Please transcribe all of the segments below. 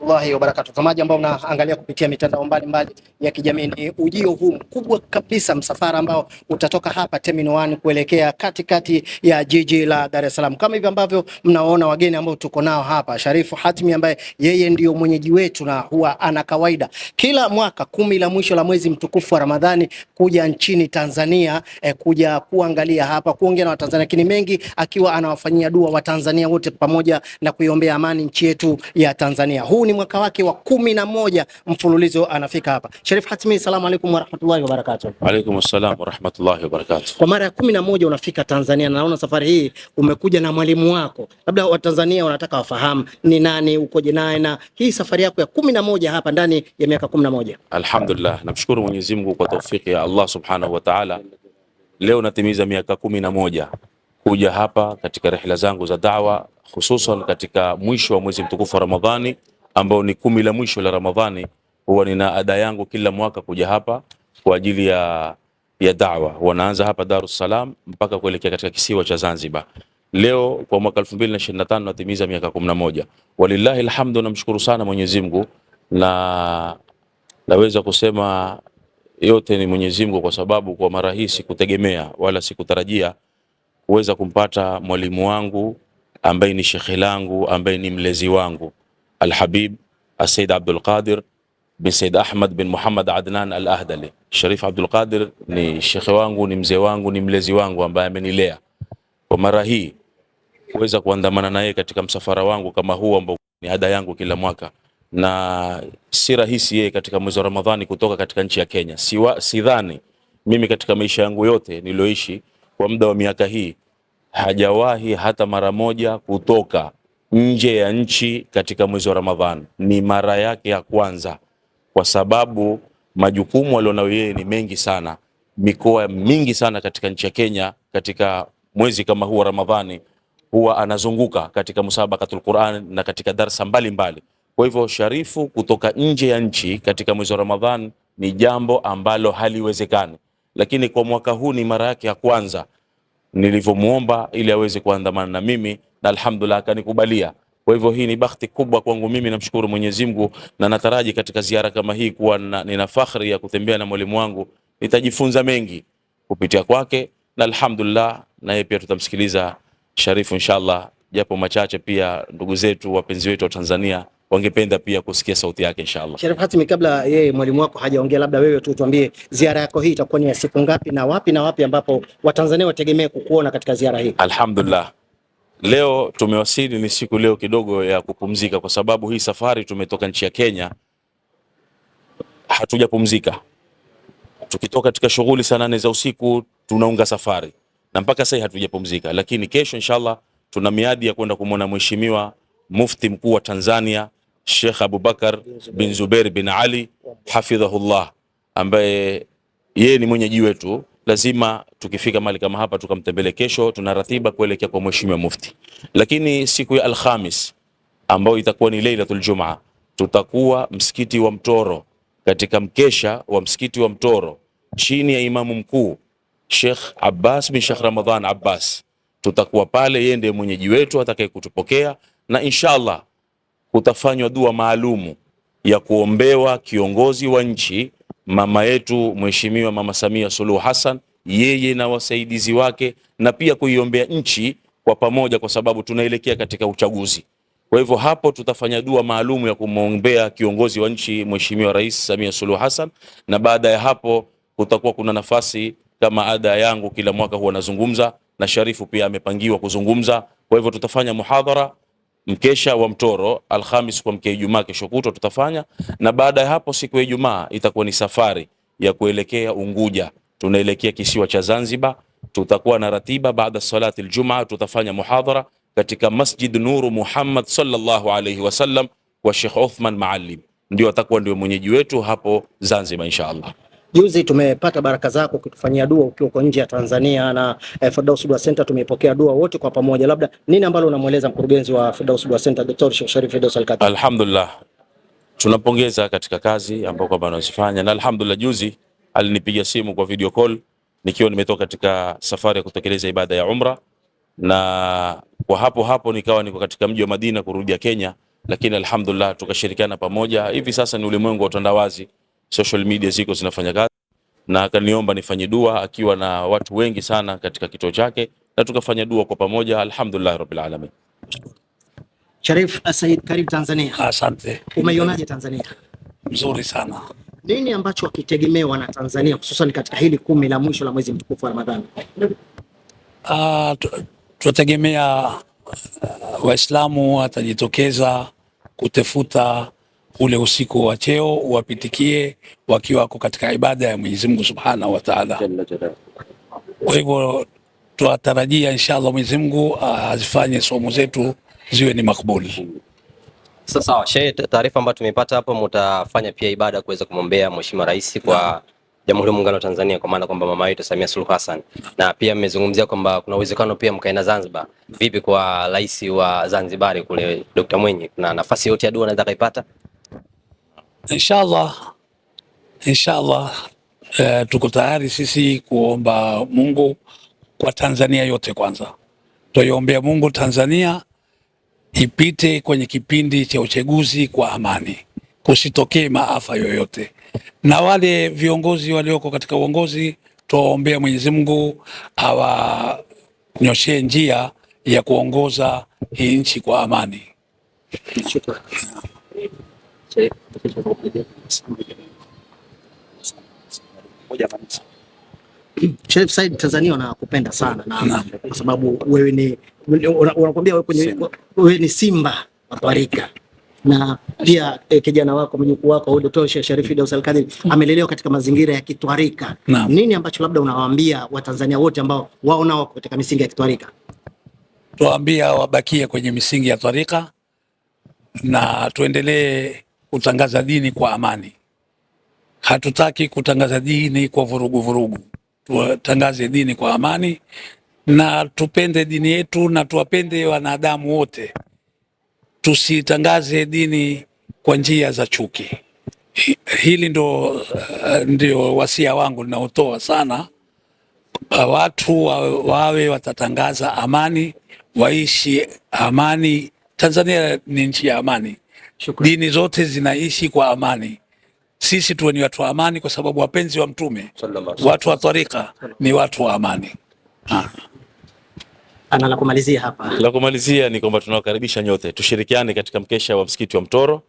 warahmatullahi wabarakatu. Watazamaji ambao mnaangalia kupitia mitandao mbalimbali ya kijamii, ni ujio huu mkubwa kabisa, msafara ambao utatoka hapa Terminal 1 kuelekea katikati kati ya jiji la Dar es Salaam, kama hivi ambavyo mnaona wageni ambao tuko nao hapa, Sharifu Hatmi ambaye yeye ndio mwenyeji wetu na huwa ana kawaida kila mwaka kumi la mwisho la mwezi mtukufu wa Ramadhani kuja nchini Tanzania eh, kuja kuangalia hapa kuongea na Watanzania, lakini mengi akiwa anawafanyia dua Watanzania wote pamoja na kuiombea amani nchi yetu ya Tanzania. Huu ni mwaka wake wa kumi na moja mfululizo anafika hapa. Sherif Hatmi, salamu alaykum wa rahmatullahi wa barakatuh. Alaykum assalam wa rahmatullahi wa barakatuh. Kwa mara ya kumi na moja unafika Tanzania, naona safari hii umekuja na mwalimu wako, labda Watanzania wanataka wafahamu ni nani, ukoje naye na hii safari yako ya kumi na moja hapa ndani ya miaka kumi na moja. Alhamdulillah, namshukuru Mwenyezi Mungu kwa taufiki ya Allah subhanahu wa ta'ala. Leo natimiza miaka kumi na moja kuja hapa katika rehla zangu za dawa, hususan katika mwisho wa mwezi mtukufu wa Ramadhani ambao ni kumi la mwisho la Ramadhani, huwa nina ada yangu kila mwaka kuja hapa kwa ajili ya, ya dawa. Wanaanza hapa Dar es Salaam mpaka kuelekea katika kisiwa cha Zanzibar. Leo kwa mwaka 2025 natimiza miaka 11. Walillahi alhamdu, namshukuru sana Mwenyezi Mungu na naweza kusema yote ni Mwenyezi Mungu, kwa sababu kwa mara hii sikutegemea wala sikutarajia kuweza kumpata mwalimu wangu ambaye ni shekhe langu ambaye ni mlezi wangu Alhabib Asaid Abdulqadir bin Said Ahmad bin Muhammad Adnan al Ahdali. Sharif Abdulqadir ni shekhe wangu, ni mzee wangu, ni mlezi wangu ambaye amenilea kwa mara hii kuweza kuandamana naye katika msafara wangu kama huu ambao ni ada yangu kila mwaka, na si rahisi yeye katika mwezi wa Ramadhani kutoka katika nchi ya Kenya. Siwa, sidhani mimi katika maisha yangu yote nilioishi kwa muda wa miaka hii hajawahi hata mara moja kutoka nje ya nchi katika mwezi wa Ramadhani. Ni mara yake ya kwanza, kwa sababu majukumu alionayo yeye ni mengi sana, mikoa mingi sana katika nchi ya Kenya. Katika mwezi kama huu wa Ramadhani huwa anazunguka katika musabakatul Quran na katika darsa mbalimbali. Kwa hivyo Sharifu kutoka nje ya nchi katika mwezi wa Ramadhani ni jambo ambalo haliwezekani, lakini kwa mwaka huu ni mara yake ya kwanza nilivyomuomba ili aweze kuandamana na mimi na alhamdulillah akanikubalia. Kwa hivyo hii ni bahati kubwa kwangu mimi, namshukuru Mwenyezi Mungu na nataraji katika ziara kama hii kuwa na, nina fahari ya kutembea na mwalimu wangu, nitajifunza mengi kupitia kwake na alhamdulillah, yeye pia tutamsikiliza Sharifu inshallah, japo machache pia, ndugu zetu wapenzi wetu wa Tanzania wangependa pia kusikia sauti yake inshallah. Sharif Hatimi, kabla yeye mwalimu wako hajaongea, labda wewe tu tuambie ziara yako hii itakuwa ni ya siku ngapi na wapi na wapi ambapo Watanzania wategemee kukuona katika ziara hii? Alhamdulillah. Leo tumewasili, ni siku leo kidogo ya kupumzika, kwa sababu hii safari tumetoka nchi ya Kenya, hatujapumzika. Tukitoka katika shughuli saa nane za usiku tunaunga safari na mpaka sasa hatujapumzika, lakini kesho inshallah tuna miadi ya kwenda kumwona mheshimiwa mufti mkuu wa Tanzania Sheikh Abubakar bin Zubair bin Ali hafidhahullah, ambaye yeye ni mwenyeji wetu. Lazima tukifika mahali kama hapa tukamtembele. Kesho tuna ratiba kuelekea kwa mheshimiwa mufti, lakini siku ya Alhamis ambayo itakuwa ni Lailatul Jumaa tutakuwa msikiti wa Mtoro katika mkesha wa msikiti wa Mtoro chini ya imamu mkuu Sheikh Abbas bin Sheikh Ramadhan Abbas. Tutakuwa pale, yeye ndiye mwenyeji wetu atakaye kutupokea na inshallah kutafanywa dua maalumu ya kuombewa kiongozi wa nchi mama yetu Mheshimiwa Mama Samia Suluhu Hassan, yeye na wasaidizi wake, na pia kuiombea nchi kwa pamoja, kwa sababu tunaelekea katika uchaguzi. Kwa hivyo hapo tutafanya dua maalumu ya kumwombea kiongozi wa nchi Mheshimiwa Rais Samia Suluhu Hassan, na baada ya hapo kutakuwa kuna nafasi kama ada yangu kila mwaka huwa nazungumza, na Sharifu pia amepangiwa kuzungumza. Kwa hivyo tutafanya muhadhara mkesha wa mtoro Alhamis kwa mkea Ijumaa, kesho kutwa tutafanya, na baada ya hapo siku ya Ijumaa itakuwa ni safari ya kuelekea Unguja, tunaelekea kisiwa cha Zanzibar. Tutakuwa na ratiba baada salati aljumaa, tutafanya muhadhara katika Masjid Nuru Muhammad sallallahu alayhi wasallam wa Sheikh Uthman Maalim, ndio atakuwa ndio mwenyeji wetu hapo Zanzibar insha Allah. Juzi tumepata baraka zako ukitufanyia dua ukiwa uko nje ya Tanzania na eh, Firdaus Dua Center tumeipokea dua wote kwa pamoja. Labda nini ambalo unamweleza mkurugenzi wa Firdaus Dua Center Dr. Sheikh Sharif Firdaus Al-Kati? Alhamdulillah. Tunapongeza katika kazi ambayo kwamba anazifanya na alhamdulillah, juzi alinipiga simu kwa video call nikiwa nimetoka katika safari ya kutekeleza ibada ya umra, na kwa hapo hapo nikawa niko katika mji wa Madina kurudia Kenya, lakini alhamdulillah tukashirikiana pamoja. Hivi sasa ni ulimwengu wa utandawazi social media ziko zinafanya kazi, na akaniomba nifanye dua akiwa na watu wengi sana katika kituo chake, na tukafanya dua kwa pamoja, alhamdulillah rabbil alamin. Sharif uh, Said, karibu Tanzania. Asante. Umeionaje Tanzania? Mzuri sana. Nini ambacho wakitegemewa na Tanzania hususan katika hili kumi la mwisho la mwezi mtukufu wa Ramadhani? Ah, tunategemea uh, Waislamu watajitokeza kutafuta ule usiku wa cheo wapitikie wakiwa wako katika ibada ya Mwenyezi Mungu Subhanahu wa Ta'ala. Kwa hivyo tunatarajia inshallah Mwenyezi Mungu ah, azifanye somo zetu ziwe ni makubuli. Sasa sawa, shehe, taarifa ambayo tumepata hapo, mtafanya pia ibada kuweza kumwombea Mheshimiwa Rais kwa Jamhuri ya Muungano wa Tanzania kwa maana kwamba mama yetu Samia Suluhu Hassan, na pia mmezungumzia kwamba kuna uwezekano pia mkaenda Zanzibar. Vipi kwa rais wa Zanzibari kule Dr. Mwinyi, kuna nafasi yote ya dua anaweza kaipata? Inshallah, inshallah e, tuko tayari sisi kuomba Mungu kwa Tanzania yote. Kwanza tuiombea Mungu Tanzania ipite kwenye kipindi cha uchaguzi kwa amani, kusitokee maafa yoyote, na wale viongozi walioko katika uongozi tuwaombea Mwenyezi Mungu awanyoshee njia ya kuongoza hii nchi kwa amani. Shukrani. Sherif Said, Tanzania wanakupenda sana na kwa sababu wewe ni unakwambia wewe kwenye wewe ni simba wa Iringa na pia eh, kijana wako mjukuu wako Dkt. Sharifi Idausi Alkadiri amelelewa katika mazingira ya kitwarika. Nini ambacho labda unawaambia Watanzania wote ambao wao nao katika misingi ya kitwarika? Tuwaambia wabakie kwenye misingi ya twarika na tuendelee kutangaza dini kwa amani. Hatutaki kutangaza dini kwa vurugu vurugu. Tutangaze dini kwa amani na tupende dini yetu na tuwapende wanadamu wote. Tusitangaze dini kwa njia za chuki. Hili ndo, ndio wasia wangu ninaotoa sana. Watu wawe watatangaza amani, waishi amani. Tanzania ni nchi ya amani. Shukra. Dini zote zinaishi kwa amani. Sisi tuwe ni watu wa amani, kwa sababu wapenzi wa Mtume, watu wa tarika ni watu wa amani. Ah. Ana la kumalizia hapa. La kumalizia ni kwamba tunawakaribisha nyote tushirikiane katika mkesha wa msikiti wa Mtoro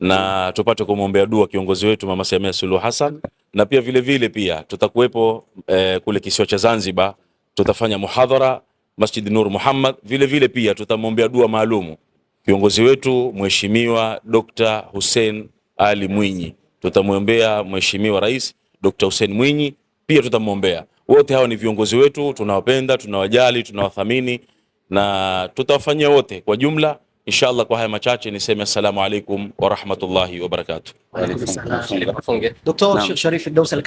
na tupate kumwombea dua kiongozi wetu Mama Samia Suluhu Hassan na pia vilevile vile pia tutakuwepo eh, kule kisiwa cha Zanzibar tutafanya muhadhara Masjid Nur Muhammad vilevile vile pia tutamwombea dua maalumu Kiongozi wetu Mheshimiwa Dr. Hussein Ali Mwinyi, tutamwombea Mheshimiwa Rais Dr. Hussein Mwinyi, pia tutamwombea. Wote hawa ni viongozi wetu, tunawapenda, tunawajali, tunawathamini na tutawafanyia wote kwa jumla Inshallah, kwa haya machache niseme assalamu alaikum wa rahmatullahi wa barakatuh. Sharif Daus al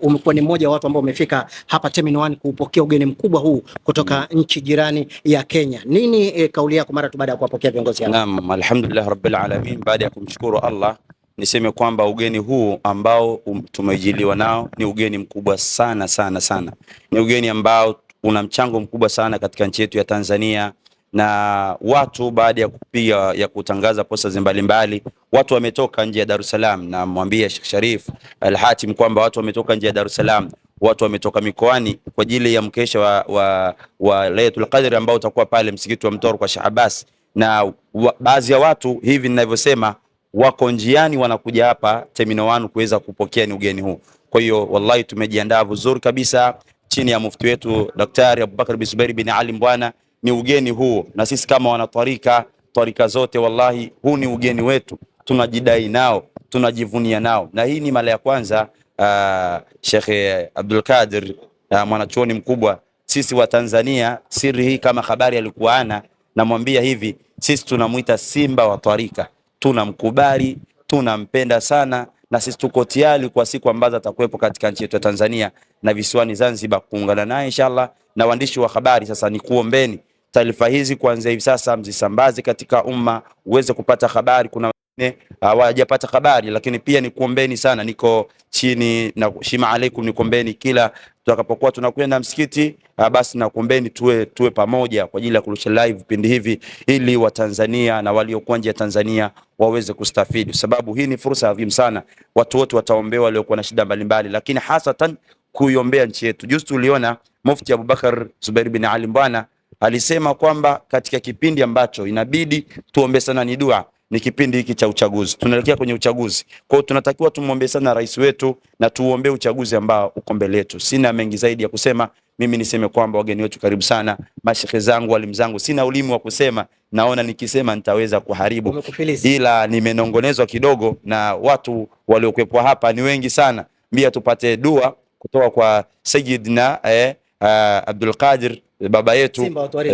umekuwa ni mmoja wa watu ambao umefika hapa Terminal 1 kuupokea ugeni mkubwa huu kutoka mm, nchi jirani ya Kenya. Nini eh, kauli yako mara tu baada ya kuwapokea viongozi hao? Naam, alhamdulillah rabbil alamin, baada ya kumshukuru Allah niseme kwamba ugeni huu ambao um, tumejiliwa nao ni ugeni mkubwa sana sana sana, ni ugeni ambao una mchango mkubwa sana katika nchi yetu ya Tanzania na watu baada ya kupiga ya kutangaza posters mbalimbali watu wametoka nje ya Dar es Salaam, na mwambia Sheikh Sharif Al-Hatim kwamba watu wametoka nje ya Dar es Salaam, watu wametoka mikoani kwa ajili ya mkesha wa, wa, wa Lailatul Qadr ambao utakuwa pale msikiti wa Mtoro kwa Sheikh Abbas, na baadhi ya watu hivi ninavyosema wako njiani wanakuja hapa Terminal 1 kuweza kupokea ni ugeni huu. Kwa hiyo wallahi tumejiandaa vizuri kabisa chini ya mufti wetu Daktari Abubakar bin Zubair bin Ali Mbwana ni ugeni huo, na sisi kama wanatwarika tarika zote, wallahi huu ni ugeni wetu, tunajidai nao, tunajivunia nao, na hii ni mara ya kwanza uh, ah, Shekhe Abdul Qadir uh, mwanachuoni mkubwa sisi wa Tanzania, siri hii kama habari alikuwa ana namwambia hivi, sisi tunamwita Simba wa tarika, tunamkubali, tunampenda sana na sisi tuko tayari kwa siku ambazo atakuwepo katika nchi yetu ya Tanzania na visiwani Zanzibar kuungana naye inshallah. Na waandishi wa habari sasa, ni kuombeni taarifa hizi kuanzia hivi sasa mzisambaze katika umma uweze kupata habari. Kuna wengine hawajapata habari, lakini pia nikuombeni sana, niko chini na shima alaikum, nikuombeni kila tutakapokuwa tunakwenda msikiti ha, ah, basi nakuombeni tuwe, tuwe pamoja kwa ajili ya kurusha live vipindi hivi ili Watanzania na waliokuwa nje ya Tanzania waweze kustafidi, sababu hii ni fursa adhimu sana. Watu wote wataombewa waliokuwa na shida mbalimbali, lakini hasatan kuiombea nchi yetu. Juzi tuliona Mufti Abubakar Zubair bin Ali Mbwana alisema kwamba katika kipindi ambacho inabidi tuombe sana ni dua ni kipindi hiki cha uchaguzi. Tunaelekea kwenye uchaguzi, kwa hiyo tunatakiwa tumwombee sana rais wetu na tuombe uchaguzi ambao uko mbele yetu. Sina mengi zaidi ya kusema, mimi niseme kwamba wageni wetu karibu sana, mashehe zangu, walimu zangu, sina ulimi wa kusema, naona nikisema nitaweza kuharibu, ila nimenongonezwa kidogo na watu waliokuwepo hapa ni wengi sana. Mbia tupate dua kutoka kwa Sayyidina eh, uh, Abdul Qadir baba yetu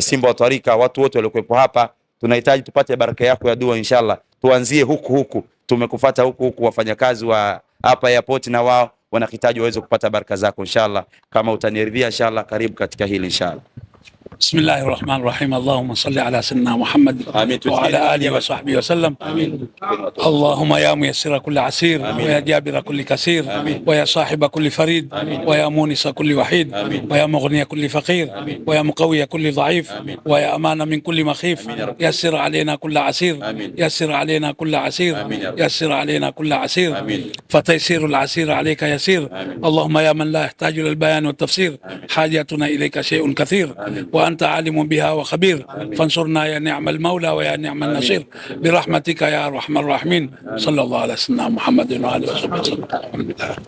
Simba wa Twarika, watu wote waliokuwepo hapa, tunahitaji tupate baraka yako ya dua inshallah. Tuanzie huku huku, tumekufata huku huku, wafanyakazi wa hapa airport na wao wanahitaji waweze kupata baraka zako inshallah. Kama utaniridhia inshallah, karibu katika hili inshallah. بسم الله الرحمن الرحيم اللهم صل على سيدنا محمد آمين. وعلى آله وصحبه وسلم آمين. اللهم يا ميسر كل عسير آمين. ويا جابر كل كثير آمين. ويا صاحب كل فريد آمين. ويا مونس كل وحيد آمين. ويا مغني كل فقير آمين. ويا مقوي كل ضعيف آمين. ويا أمان من كل مخيف آمين. يسر علينا كل عسير آمين. يسر علينا كل عسير آمين. يسر علينا كل عسير آمين. فتيسير العسير عليك يسير آمين. اللهم يا من لا يحتاج للبيان والتفسير آمين. حاجتنا إليك شيء كثير آمين. وأنت عالم بها وخبير فانصرنا يا نعم المولى ويا نعم النصير برحمتك يا أرحم الراحمين صلى الله على سيدنا محمد وعلى آله وصحبه وسلم